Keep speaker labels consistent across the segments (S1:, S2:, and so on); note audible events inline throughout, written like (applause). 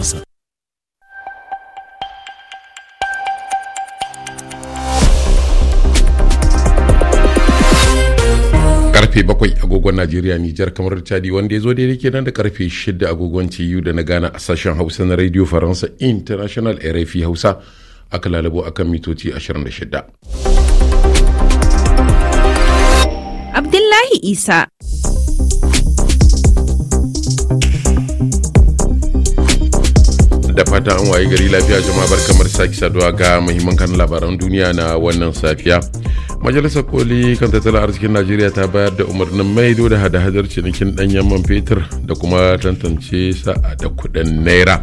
S1: sana'arsa karfe 7 agogon Najeriya Nijar kamar Chadi wanda ya zo daidai nan da karfe 6 agogon ciyu da na Ghana a sashen Hausa na Radio Faransa International RFI Hausa aka lalabo akan mitoci 26.
S2: Abdullahi Isa
S1: da fata an waye gari lafiya jama'a bar kamar sake saduwa ga muhimman kan labaran duniya na wannan safiya majalisar koli kan tattalin arzikin najeriya ta bayar da umarnin maido da hada-hadar cinikin danyen man fetur da kuma tantance sa da kuɗin naira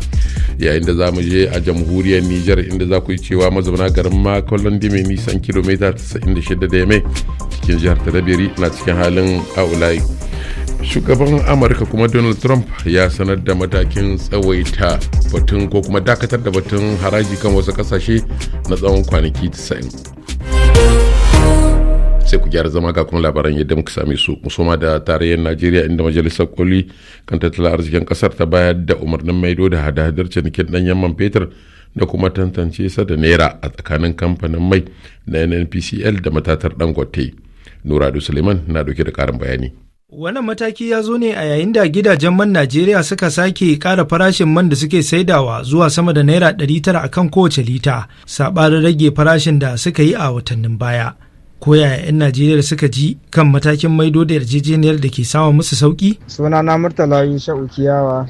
S1: yayin da za mu je a jamhuriyar niger inda za ku yi cewa mazauna garin makon mai nisan kilomita 96 da yamai cikin jihar tarabiri na cikin halin aulai shugaban amurka kuma donald trump ya sanar da matakin tsawaita batun ko kuma dakatar da batun haraji kan wasu kasashe na tsawon kwanaki 90 sai ku gyara zama ga kuma labaran yadda muka same su musoma da tarayyar najeriya inda majalisar koli kan tattalin arzikin kasar ta bayar da umarnin maido da hada-hadar cinikin dan man fetur da kuma tantance sa da naira a tsakanin kamfanin mai na nnpcl da matatar dangote nuradu suleiman na dauke da karin bayani
S3: Wannan mataki ya zo ne a yayin da gidajen man Najeriya suka sake ƙara farashin man da suke saidawa zuwa sama da Naira 900 a kan kowace lita, saɓarin rage farashin da suka yi a watannin baya. ko yaya 'yan Najeriya suka ji kan matakin maido da yarjejeniyar da ke samun musu sauƙi? Sunana Murtala Yusha'u Ukiyawa.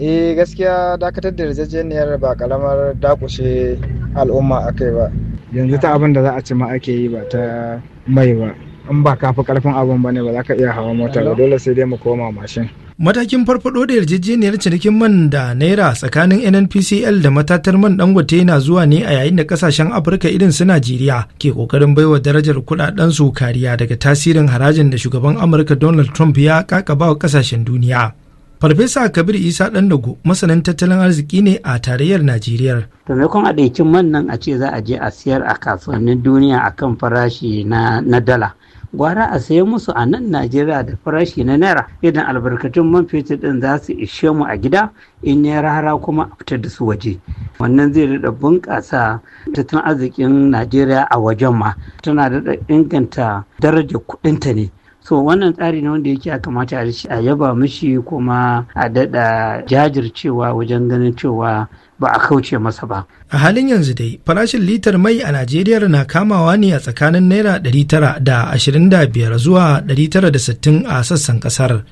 S3: Eh gaskiya dakatar da yarjejeniyar ba kalamar dakushe al'umma akai ba. Yanzu ta abin da za a ci ma ake yi ba ta mai ba. in ba ka fi karfin abin bane ba za ka iya hawa mota ba dole sai dai mu koma mashin matakin farfado da yarjejeniyar cinikin man da naira tsakanin nnpcl da matatar man dangote na zuwa ne a yayin da kasashen afirka irin su najeriya ke kokarin baiwa darajar kudaden su kariya daga tasirin harajin da shugaban amurka donald trump ya kakabawa wa kasashen duniya farfesa kabir isa dandago masanin tattalin arziki ne a tarayyar najeriya
S4: to maimakon a man nan a ce za a je a siyar a kasuwannin duniya akan farashi na dala gwara a sayi musu a nan najeriya da farashi na naira idan albarkatun man fetur din za su ishe mu a gida in ya rahara kuma a fitar da su waje wannan zai daɗa bunƙasa tattalin arzikin najeriya a wajen ma tana da inganta darajar kuɗinta ne so wannan tsari ne wanda yake a kamata a yaba mishi kuma a dada jajircewa wajen ganin cewa ba a kauce masa ba.
S3: A halin yanzu dai farashin litar mai a Najeriya na kamawa ne a tsakanin Naira da 925 zuwa 960 a sassan kasar.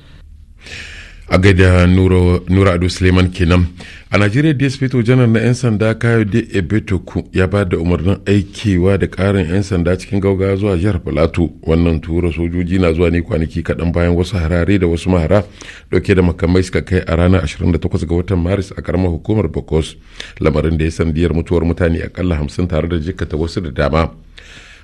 S1: a gaida nura ado suleiman kenan a najeriya dsp janar na 'yan sanda kayode ebetoku ya ba da umarnin aikewa da karin 'yan sanda cikin gauga zuwa jihar filato wannan tura sojoji na zuwa ne kwanaki kaɗan bayan wasu harare da wasu mahara dauke da makamai suka kai a ranar 28 ga watan maris a karamar hukumar bokos lamarin da ya sandiyar mutuwar mutane akalla hamsin tare da jikata wasu da dama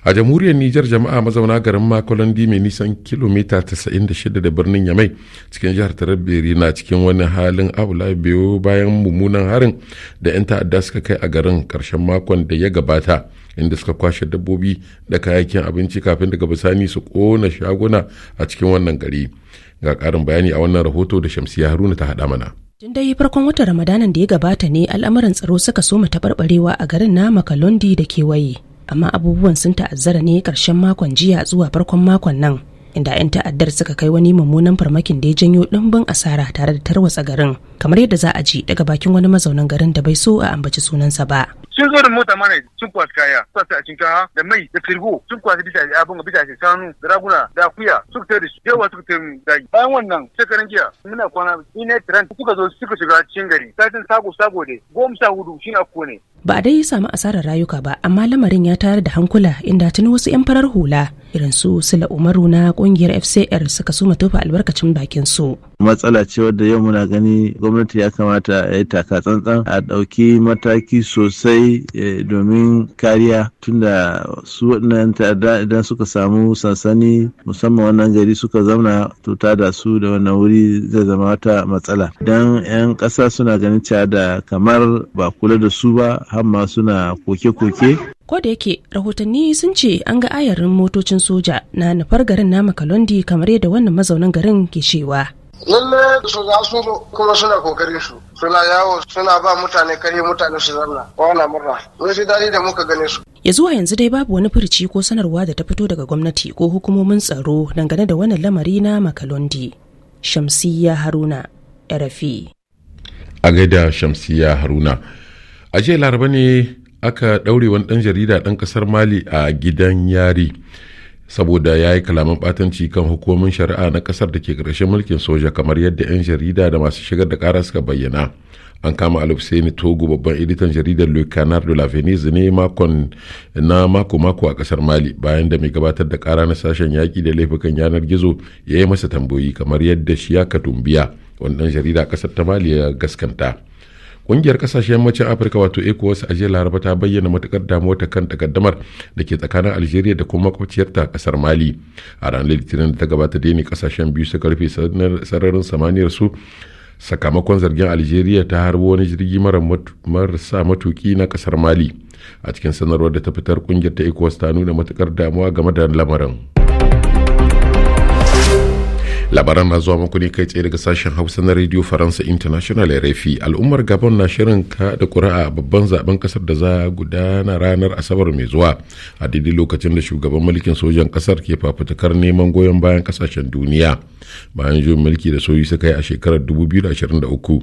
S1: a jamhuriyar nijar jama'a mazauna garin makolandi mai nisan kilomita 96 da birnin yamai cikin jihar tarabiri na cikin wani halin aula biyo bayan mummunan harin da 'yan ta'adda suka kai a garin karshen makon da ya gabata inda suka kwashe dabbobi da kayakin abinci kafin daga bisani su kona shaguna a cikin wannan gari ga karin bayani a wannan rahoto da shamsiya haruna ta haɗa mana
S5: Tun dai farkon watan Ramadanan da ya gabata ne al'amuran tsaro suka soma taɓarɓarewa a garin na Makalondi da kewaye. amma abubuwan sun ta'azzara ne karshen makon jiya zuwa farkon makon nan inda 'yan ta'addar suka kai wani mummunan farmakin da ya janyo ɗimbin asara tare da tarwatsa garin kamar yadda za a ji daga bakin wani mazaunin garin da bai so a ambaci sunansa ba.
S3: sun zo da mota mana sun kwasi kaya sun sa a shinkafa
S1: da mai da firgo sun kwasi bisa abin bisa da shanu da raguna da akuya suka tare su yawa suka tare daji bayan wannan shekaran jiya muna kwana ina tiran suka zo suka shiga cikin gari satin sago sago ne goma sha hudu shi na ne.
S5: ba a dai samu asarar rayuka ba amma lamarin ya tayar da hankula inda tuni wasu 'yan farar hula irin su sila umaru na kungiyar fcr suka suma tofa albarkacin bakin su
S6: matsala ce wadda yau muna gani gwamnati ya kamata ya yi taka tsantsan a ɗauki mataki sosai eh, domin kariya tunda su waɗannan ta'adda idan suka samu sansani musamman wannan gari suka zauna to da su da wannan wuri zai zama wata matsala idan 'yan ƙasa suna ganin cewa da kamar ba kula da su ba har suna koke-koke
S5: ko da yake rahotanni sun ce an ga ayarin motocin soja na nufar garin na makalondi kamar yadda wannan mazaunin garin ke cewa
S6: lalle su za su kuma suna kokarin su suna yawo suna ba mutane kare mutane su zanna wannan murna mun fi dadi da muka gane su
S5: ya zuwa yanzu dai babu wani furci ko sanarwa da ta fito daga gwamnati ko hukumomin tsaro dangane da wannan lamari na makalondi shamsiya haruna rfi
S1: a gaida shamsiya haruna a jiya laraba ne aka ɗaure wani ɗan jarida dan ƙasar mali a gidan yari saboda ya yi kalaman batanci kan hukumomin shari'a na kasar da ke ƙarshen mulkin soja kamar yadda 'yan jarida da masu shigar da ƙara suka bayyana an kama alhussaini togo babban editan jaridar le de la venise ne makon na mako mako a kasar mali bayan da mai gabatar da kara na sashen yaƙi da laifukan yanar gizo ya yi masa tambayoyi kamar yadda shi ya katumbiya wannan jarida kasar ta mali ya gaskanta kungiyar kasashen yammacin Afirka wato ECOWAS a jiya Laraba ta bayyana matukar damuwa ta kan takaddamar da ke tsakanin Algeria da kuma makwabciyarta kasar Mali. A ranar Litinin da ta gabata da ne kasashen biyu su karfe sararin samaniyar su sakamakon zargin Algeria ta harbo wani jirgi marasa matuki na kasar Mali. A cikin sanarwar da ta fitar kungiyar ta ECOWAS ta nuna matukar damuwa game da lamarin. labaran na zuwa muku kai tsaye daga sashen hausa na radio faransa international ya rfi al'ummar gabon na shirin kada kuri'a babban zaben kasar da za gudana ranar asabar mai zuwa a daidai lokacin da shugaban mulkin sojan kasar ke fafutukar neman goyon bayan kasashen duniya bayan juyin mulki da soyi suka yi a shekarar 2023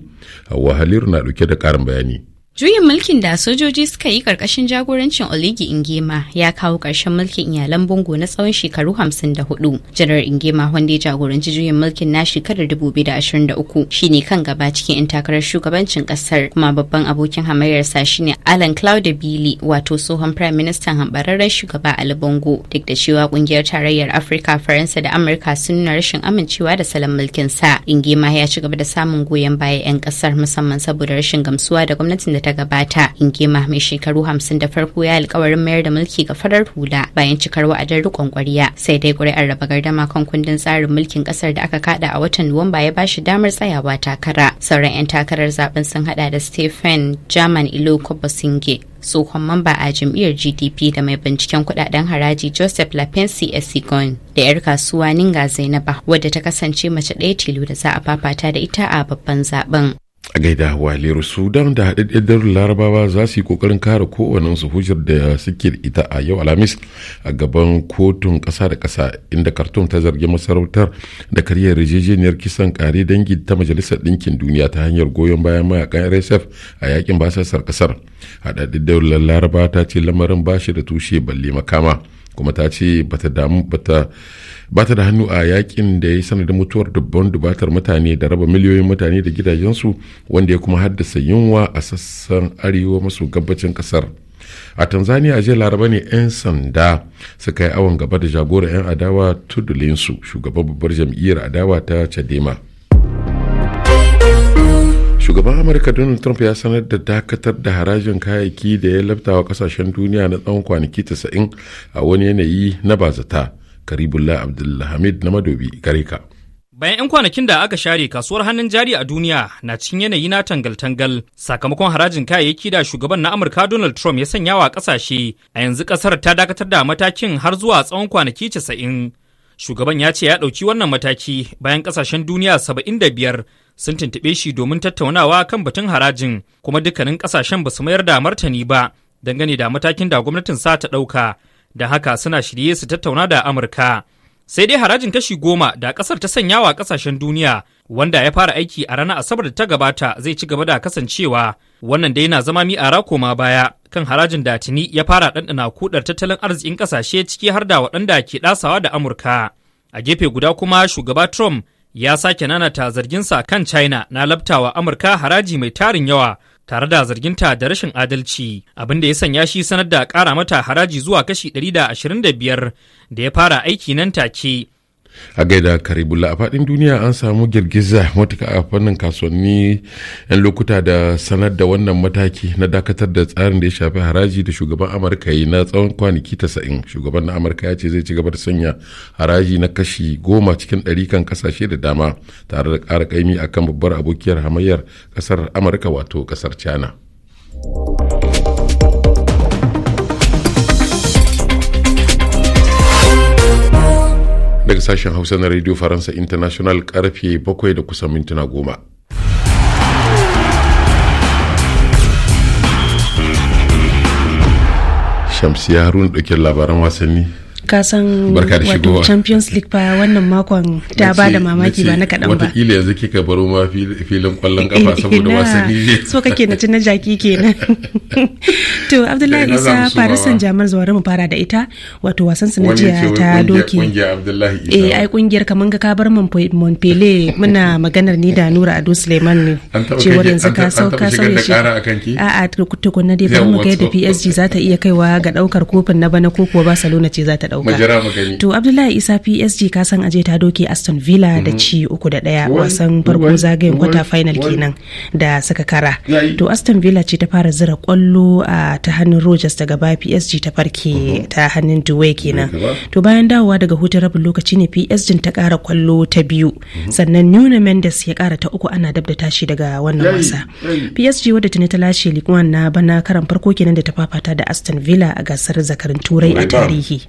S1: hawa haliru na dauke da karin bayani
S2: Juyin mulkin da sojoji suka yi karkashin jagorancin Oligi Ingema ya kawo ƙarshen mulkin iyalan Bongo na tsawon shekaru 54. Janar Ingema wanda ya jagoranci juyin mulkin na shekarar 2023 shine kan gaba cikin 'yan takarar shugabancin ƙasar kuma babban abokin hamayyarsa shine Alan Claude bili wato tsohon Prime Minister hambararren shugaba Ali Bongo duk da cewa kungiyar tarayyar Afirka Faransa da Amurka sun nuna rashin amincewa da salon mulkin sa. Ingema ya ci gaba da samun goyon baya 'yan ƙasar musamman saboda rashin gamsuwa da gwamnatin da da gabata in kima mai shekaru hamsin da farko ya alkawarin mayar da mulki ga farar hula bayan cikar wa'adar rikon kwariya sai dai kuri'ar raba gardama kan kundin tsarin mulkin kasar da aka kada a watan nuwamba ya bashi damar tsayawa takara sauran 'yan takarar zaben sun hada da stephen german ilo kobosinge tsohon mamba a jam'iyyar gdp da mai binciken kudaden haraji joseph lapensi esigon da 'yar kasuwa ninga zainaba wadda ta kasance mace ɗaya tilo da za a fafata da ita a babban zaben
S1: a gaida waleru sudan da haɗaɗɗiyar larabawa za su yi ƙoƙarin kare kowane su hujjar da suke ita a yau alhamis a gaban kotun ƙasa da ƙasa inda karton ta zargi masarautar da karyar yarjejeniyar kisan ƙare dangi ta majalisar ɗinkin duniya ta hanyar goyon bayan mayakan rsf a yakin basasar ƙasar haɗaɗɗiyar larabawa ta ce lamarin bashi da tushe balle makama kuma ta ce bata ta da hannu a yakin da ya sanar da mutuwar dubban dubatar mutane da raba miliyoyin mutane da gidajensu wanda ya kuma haddasa yunwa a sassan arewa maso gabacin kasar a tanzania a jiya laraba ne 'yan sanda suka yi awon gaba da jagora 'yan adawa tudulinsu shugaban babbar jam'iyyar adawa ta chadema shugaban amurka donald trump ya sanar da dakatar da harajin kayayyaki da ya laftawa kasashen duniya na tsawon kwanaki 90 a wani yanayi na bazata karibulla abdulhamid na madobi gare ka
S4: bayan 'yan kwanakin da aka share kasuwar hannun jari a duniya na cikin yanayi na tangal-tangal sakamakon harajin kayayyaki da shugaban na amurka donald trump ya sanya wa kasashe a yanzu kasar ta dakatar da matakin har zuwa tsawon kwanaki 90 Shugaban ya ce ya ɗauki wannan mataki bayan ƙasashen duniya saba'in da biyar sun tuntuɓe shi domin tattaunawa kan batun harajin kuma dukkanin ƙasashen ba su mayar da martani ba dangane da matakin da gwamnatin sa ta ɗauka da haka suna shirye su tattauna da Amurka. Sai dai harajin kashi goma da ƙasar ta sanya wa ƙasashen duniya wanda ya fara aiki a ranar Asabar da ta gabata zai ci gaba da kasancewa Wannan dai yana zama rako koma baya kan harajin da tuni ya fara ɗanɗana kudar tattalin arzikin ƙasashe ciki har da waɗanda ke ɗasawa da Amurka. A gefe guda kuma shugaba Trump ya sake nanata zarginsa kan China na labtawa Amurka haraji mai tarin yawa tare da zarginta da rashin adalci abin da ya sanya shi sanar da ƙara mata haraji zuwa kashi 125 da ya fara aiki nan take
S1: a gaida karibula a fadin duniya an samu girgiza matuka a fannin kasuwanni yan lokuta da sanar da wannan mataki na dakatar da tsarin da ya shafi haraji da shugaban amurka yi na tsawon kwanaki tasa'in shugaban na amurka ya ce zai ci gaba da sanya haraji na kashi goma cikin ɗari kan kasashe da dama tare da ƙara ƙaimi akan babbar abokiyar hamayyar ƙasar amurka wato ƙasar china. daga sashen hausa na radio faransa international karfe bakwai da kusan mintuna goma shamsiya haruna ɗauke labaran wasanni
S5: ka san wato champions league fa wannan makon ta ba da mamaki ba na kaɗan ba
S1: watakila yanzu kika baro ma filin kwallon kafa eh, saboda wasanni ne so kake na
S5: na jaki kenan (laughs) to eh, abdullahi isa farisan saint germain zuwa mu fara da ita wato wasan su na jiya ta doki eh ai kungiyar kaman ga ka bar montpellier muna maganar ni da nura ado suleiman ne cewar yanzu ka sauka sauya shi a a tukunna dai ba mu ga yadda psg za ta iya kaiwa ga daukar kofin na bana ko kuwa barcelona ce za ta dauka to abdullahi isa psg ka san aje ta doke aston villa da mhm. ci uku da ɗaya wasan farko zagayen kwata final kenan da suka kara to aston villa ce ta fara zira kwallo a ta hannun rogers daga baya psg ta farke mhm. ta hannun duwe kenan to bayan dawowa daga hutun rabin lokaci ne psg ta kara kwallo ta biyu mhm. sannan nuna mendes ya kara ta uku ana dab da tashi daga wannan wasa psg wadda tuni ta lashe likwan na bana karan farko kenan da ta fafata da aston villa a gasar zakarin turai a tarihi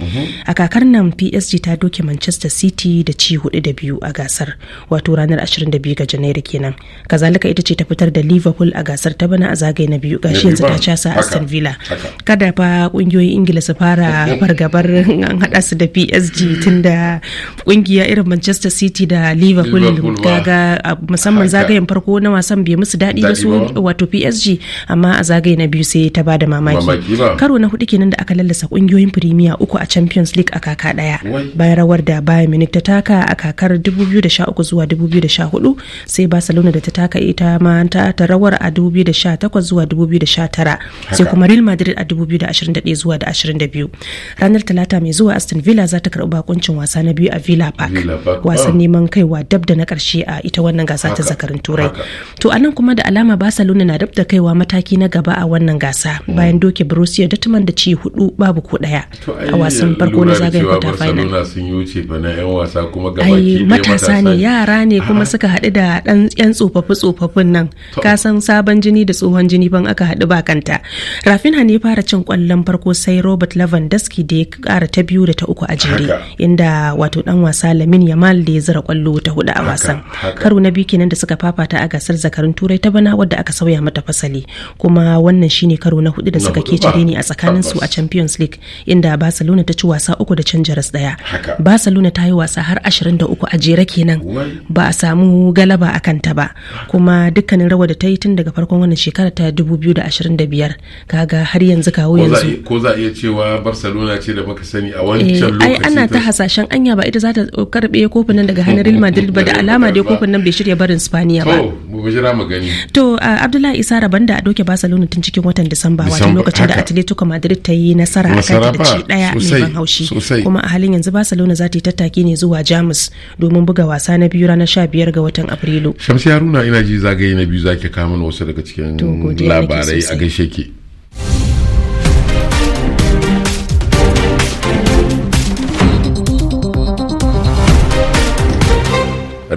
S5: a kakar nan psg ta doke manchester city da ci hudu da biyu a gasar wato ranar 22 ga janairu kenan kazalika ita ce ta fitar da liverpool a gasar ta bana a zagaye na biyu gashi yanzu ta casa aston villa kada fa kungiyoyin ingila su fara (laughs) fargabar an hada su da psg tunda kungiya irin manchester city da liverpool gaga musamman zagayen farko na wasan bai musu daɗi ba su wato psg amma a zagaye na biyu sai ta bada mamaki karo na hudu kenan da aka lallasa kungiyoyin premier uku a champions champions league a kaka daya bayan rawar da bayern munich ta taka a kakar 2013 zuwa 2014 sai barcelona da ta taka ita ma ta ta rawar a 2018 zuwa 2019 sai kuma real madrid a 2021 zuwa da 22 ranar talata mai zuwa aston villa za ta karɓi bakuncin wasa na biyu a villa park wasan oh. neman kaiwa dab da na karshe a ita wannan gasa ta zakarin turai to anan kuma da alama barcelona na dab da kaiwa mataki na gaba a wannan gasa hmm. bayan doke borussia dortmund da ci hudu babu ko daya a wasan farko ko na zagayen kwata final Barcelona
S1: sun yi wuce fa na yan wasa kuma gaba ki matasa ne yara ne kuma
S5: suka haɗu da dan yan tsofaffi tsofaffin nan ka san sabon jini da tsohon jini ban aka haɗu ba kanta Rafinha ne fara cin kwallon farko sai Robert Lewandowski da ya kara ta biyu da ta uku a jere inda wato dan wasa Lamin Yamal da ya zira kwallo ta hudu a wasan karo na biyu kenan da suka fafata a gasar zakarun turai ta bana wadda aka sauya mata fasali kuma wannan shine karo na hudu da suka kece ne a tsakanin su a Champions League inda Barcelona ta ci wasa uku da can jaras daya barcelona ta yi wasa har 23 a jere kenan ba a samu galaba a kanta ba kuma dukkanin rawa da ta yi tun daga farkon wannan shekara ta 2025 kaga har yanzu kawo yanzu
S1: ko za a iya cewa barcelona ce da muka sani a wancan eh, lokaci ai ana ta
S5: hasashen anya ba ita za ta karbe kofin nan daga hannun real madrid ba da alama dai kofin nan bai shirya barin spaniya ba to
S1: mu jira mu gani
S5: to abdullahi isa raban da a doke barcelona tun cikin watan disamba wato lokacin da atletico madrid ta yi nasara a kanta da ci daya mai ban haushi haushi kuma a halin yanzu barcelona za ta yi tattaki ne zuwa jamus domin buga wasa na biyu ranar sha biyar ga watan afrilu
S1: shamsi haruna ina ji zagaye na biyu zaki kawo mana wasu daga cikin labarai a gaishe ke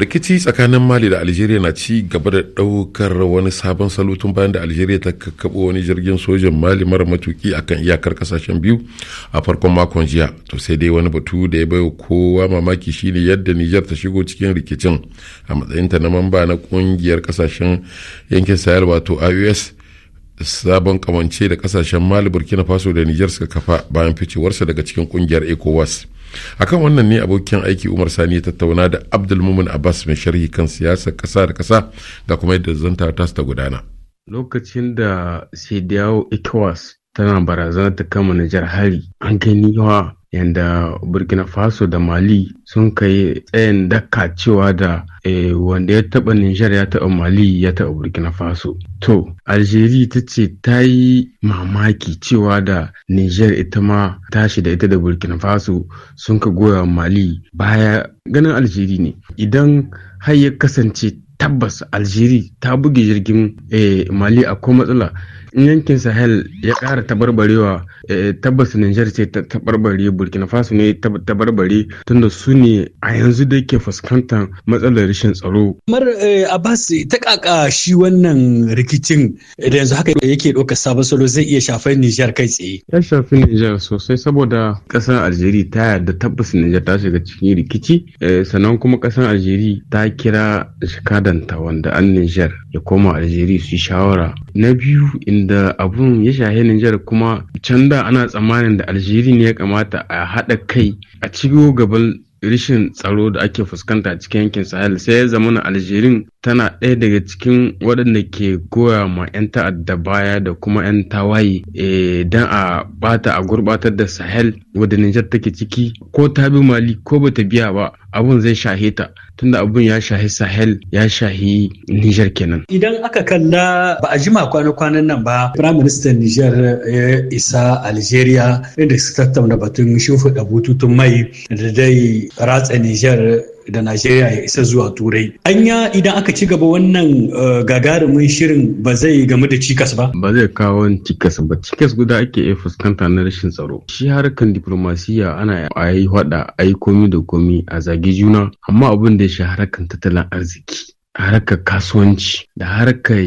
S1: rikici tsakanin mali da algeria na ci gaba da daukar wani sabon salo bayan da algeria ta kakkabo wani jirgin sojin mali mara matuki akan iyakar kasashen biyu a farkon makon jiya to sai dai wani batu da ya baiwa kowa mamaki shine yadda niger ta shigo cikin rikicin a matsayinta na mamba na kungiyar kasashen yankin sahel wato ios sabon kamance da kasashen mali burkina faso da niger suka kafa bayan ficewarsa daga cikin kungiyar ecowas akan wannan ne abokin aiki umar sani ya tattauna da mumin abbas mai sharhi kan siyasar kasa da kasa ga kuma yadda zanta ta ta gudana
S6: lokacin da dawo ecowas tana barazana ta kama nijar hari an gani yawa yanda burkina faso da mali sun kai tsayin daka cewa da eh, wanda ya taba nijar ya taba mali ya taba burkina faso to algeria ta ce ta yi mamaki cewa da nijar ita ma tashi da ita da burkina faso sun ka goya mali baya ganin algeria ne idan har ya kasance tabbas Aljeri ta buge jirgin eh, mali akwai matsala in yankin sahel ya kara tabarbarewa eh, tabbas niger ce ta tabarbare burkina faso ne ta tabarbare tunda su ne a yanzu da ke fuskantar matsalar rashin tsaro mar eh, abbas ta kaka shi wannan rikicin da yanzu haka yake ɗauka, sabon salo zai iya shafar niger kai tsaye ya shafi niger sosai saboda ƙasar Aljeri ta yarda tabbas niger ta shiga cikin rikici sannan kuma ƙasar Aljeri ta kira Shikada. karanta wanda an Nijar ya koma Algeria su shawara. Na biyu inda abun ya shahe Nijar kuma can da ana tsammanin da Algeria ne ya kamata a haɗa kai a cigo gaban rishin tsaro da ake fuskanta cikin yankin sahel sai ya zama na algerin tana ɗaya daga cikin waɗanda ke goya ma 'yan ta'adda baya da kuma 'yan tawaye eh, don a bata a gurbatar da sahel wadda nijar take ciki ko ta bi mali ko bata biya ba abun zai shahe ta tunda abun ya shahi sahel ya shahi niger kenan idan aka kalla ba a jima kwana-kwanan nan ba prime minister niger ya isa algeria inda suka tattauna batun shimfiɗa bututun mai da dai ratsa niger da Najeriya ya isa zuwa Turai. An Anya idan aka ci gaba wannan eh, gagarumin shirin ba zai gamu da cikas ba? Ba zai kawo cikas ba. Cikas guda ake iya fuskanta na rashin tsaro. Shi harkan diplomasiya ana a yi hada a yi komi da komi a zagi juna amma abin da ya shi harkan tattalin arziki. harkar kasuwanci da harkar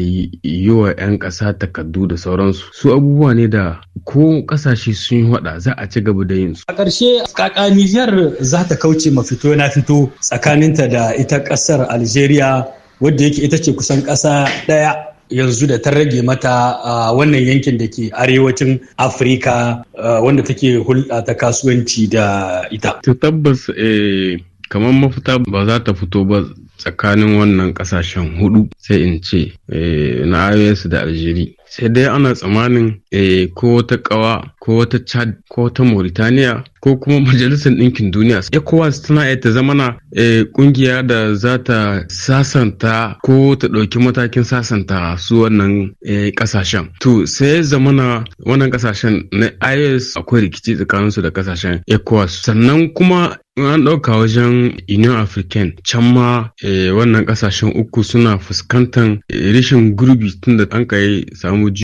S6: yi wa 'yan ƙasa takardu da sauransu su abubuwa ne da ko ƙasashe sun yi hada za a ci gaba da yin su. A ƙarshe kaka Nijar za ta kauce ma fito na fito tsakaninta da ita ƙasar Algeria wadda yake ita ce kusan ƙasa ɗaya yanzu da ta rage mata a wannan yankin da ke arewacin afirka wanda take hulɗa ta kasuwanci da ita. tabbas eh, kamar mafita ba za ta fito ba tsakanin wannan kasashen hudu sai in ce eh, na ios da Aljiri. sai dai ana tsamanin eh, ko wata kawa ko wata chad ko wata mauritania ko kuma majalisar ɗinkin duniya ecowas tana iya ta zama na eh, ƙungiya da za ta sasanta ko ta ɗauki matakin sasanta su wannan eh, ƙasashen to sai na wannan ƙasashen na is akwai rikici tsakaninsu da ƙasashen ecowas sannan kuma an ɗauka wajen union african can ma eh,
S3: wannan ƙasashen uku suna fuskantar rashin gurbi tun da an kai samu